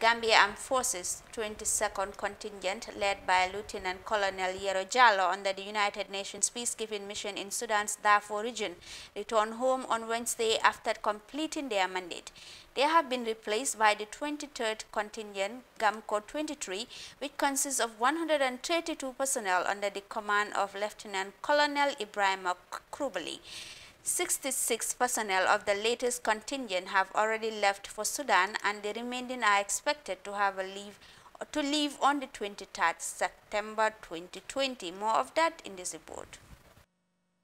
Gambia Armed Forces 22nd Contingent led by Lieutenant Colonel Yero Jallo under the United Nations Peacekeeping Mission in Sudan's Darfur region returned home on Wednesday after completing their mandate. They have been replaced by the 23rd Contingent GAMCO 23 which consists of 132 personnel under the command of Lieutenant Colonel Ibrahim Krubali. 66 personnel of the latest contingent have already left for Sudan and the remaining are expected to have a leave to leave on the 23rd September 2020. More of that in this report.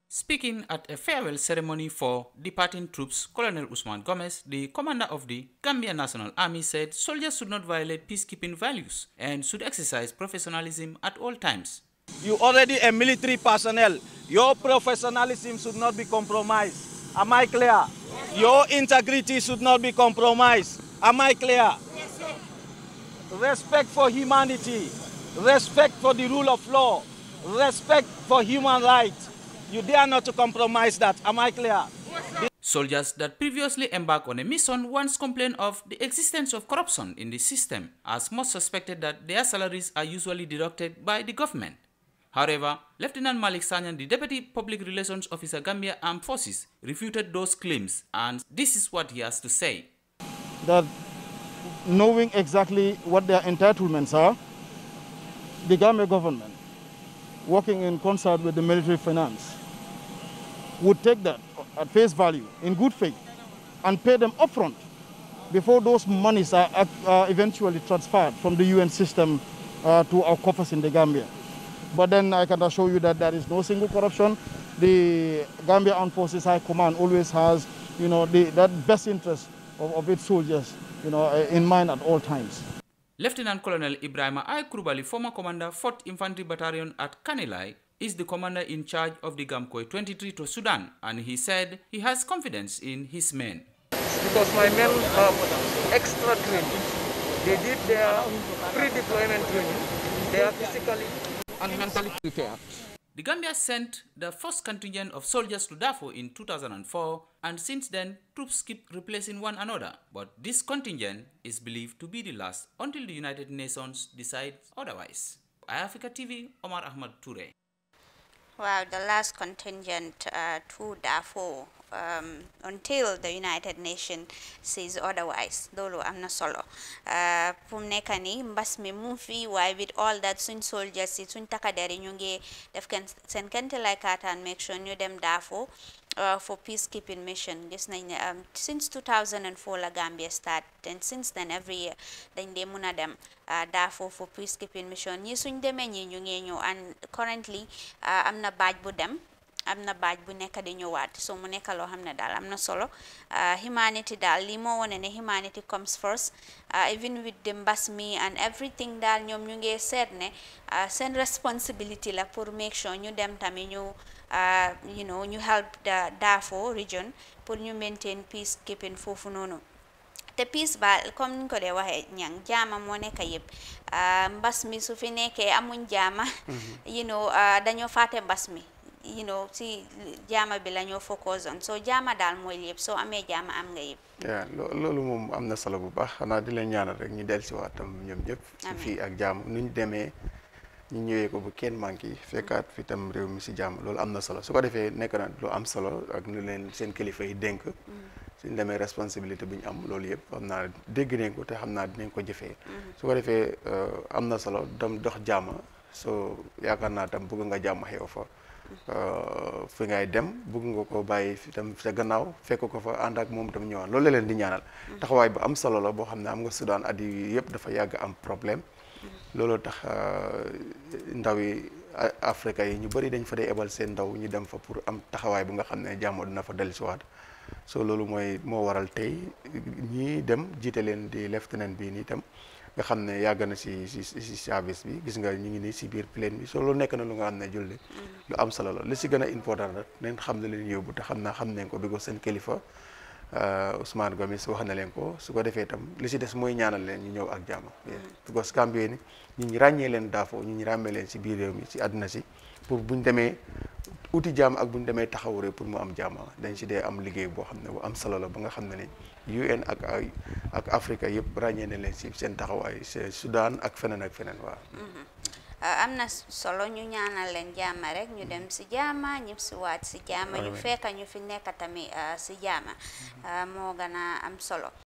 Speaking at a farewell ceremony for departing troops, Colonel Usman Gomez, the commander of the Gambia National Army, said soldiers should not violate peacekeeping values and should exercise professionalism at all times. You already a military personnel your professionalism should not be compromised. Am I clear? Yes, Your integrity should not be compromised. Am I clear? Yes, respect for humanity, respect for the rule of law, respect for human rights. You dare not to compromise that. Am I clear? Yes, Soldiers that previously embarked on a mission once complained of the existence of corruption in the system, as most suspected that their salaries are usually deducted by the government. However, Lieutenant Malik Sanyan, the Deputy Public Relations Officer Gambia Armed Forces, refuted those claims and this is what he has to say. That knowing exactly what their entitlements are, the Gambia government, working in concert with the military finance, would take that at face value, in good faith, and pay them upfront before those monies are, uh, eventually transferred from the UN system uh, to our coffers in the Gambia. But then I can assure you that there is no single corruption. The Gambia Armed Forces High Command always has, you know, the, that best interest of, of its soldiers, you know, eh, in mind at all times. Lieutenant Colonel Ibrahima I. Krubali, former commander, 4th Infantry Battalion at Kanilai, is the commander in charge of the Gamkoi 23 to Sudan, and he said he has confidence in his men. Because my men have extra training. They did their pre-deployment training. They are physically and mentally prepared. The Gambia sent the first contingent of soldiers to Darfur in 2004 and since then troops keep replacing one another but this contingent is believed to be the last until the United Nations decides otherwise. Africa TV, Omar Ahmad Toure. Well, the last contingent uh, to Darfur um, until the United Nations says otherwise. Dolo I'm not solo. Uh, pumneka ni mbasmi mumfi why with all that sun soldiers si sun takadari nyunge def sen kente like and make sure new them Darfur uh, for peacekeeping mission. um, since 2004 La Gambia started, and since then every year dañ dee mun them. dem uh, daa for peacekeeping mission ñi suñ demee ñi ñu and currently am uh, na baaj bu dem am not bad, bu nekk di wat. so mu nekk loo xam am not solo uh, humanity dal, limo, one ne humanity comes first even with the and everything dal, ñoom ñu ngee seet ne responsibility la pour make sure ñu dem tamit uh, you know ñu help the Darfur region pour ñu maintain peacekeeping foofu noonu te peace ba comme niñ ko dee waxee ñang jaama moo nekk yëpp uh, mbas mi su fi nekkee amuñ jaama mm-hmm. you know uh, dañoo fàtte mbas mi you know si jaama bi la ñoo focus on so jaama daal mooy yëpp soo amee jaama am nga yëpp waaw loolu moom am na solo bu baax xanaa di leen ñaanal rek ñu dellusiwaat tam ñoom ñëpp fii ak jaam nuñ demee ñu ñëwee ko bu kenn manqué fekkaat fi tam réew mi si jàmm loolu am na solo su ko defee nekk na lu am solo ak nu leen seen kilifa yi dénk. Mm-hmm. suñ demee responsabilité bi ñu am loolu yëpp xam naa dégg nañ ko te xam naa dinañ ko jëfee. Mm-hmm. su ko defee euh, am na solo dam dox jaama so yaakaar naa tam bëgg nga jàmm xew fa euh, fi ngay dem bëgg nga ko bàyyi fi tam sa gannaaw fekk ko fa ànd ak moom tam ñëwaan loolu leen di ñaanal mm-hmm. taxawaay bu am solo la boo xam ne am nga Sudan at yi yëpp dafa yàgg am problème mm-hmm. looloo tax euh, ndaw yi Afrique yi ñu bari dañ fa dee ebal seen ndaw ñu dem fa pour am taxawaay bu nga xam ne jàmmoo dina fa dellusiwaat so loolu mooy moo waral tey ñii dem jiite leen di lieutenant bii nii tam nga xam ne yàgg na si si si bi gis nga ñu ngi nii si biir plaine bi so loolu nekk na lu nga xam ne julli lu am solo la si gën a important rek nañ xam ne leen yóbbu te xam naa xam ne ko bi ko seen kilifa uh, Ousmane Gomis wax na leen ko su ko defee tam li si des mooy ñaanal leen ñu ñëw ak jàmm mm. because Gambie ni ñu ñu ràññee leen daafoo ñu ñu ràmmee leen si biir réew mi si àdduna si pour buñ demee wuti jaam ak bu ñu demee taxawaree pour mu am jaama dañ si dee am liggéey boo xam ne bu am solo la ba nga xam ne ni UN ak ay ak yëpp ràññee ne leen si seen taxawaay c'est Soudan ak feneen ak feneen waaw. Mm-hmm. Uh, am na solo ñu ñaanal leen jaama rek ñu dem ci jaama ñëpp ci waat ci jaama. ñu fekk ñu fi nekk tamit uh, ci jaama. Mm-hmm. Uh, moo gën a am solo.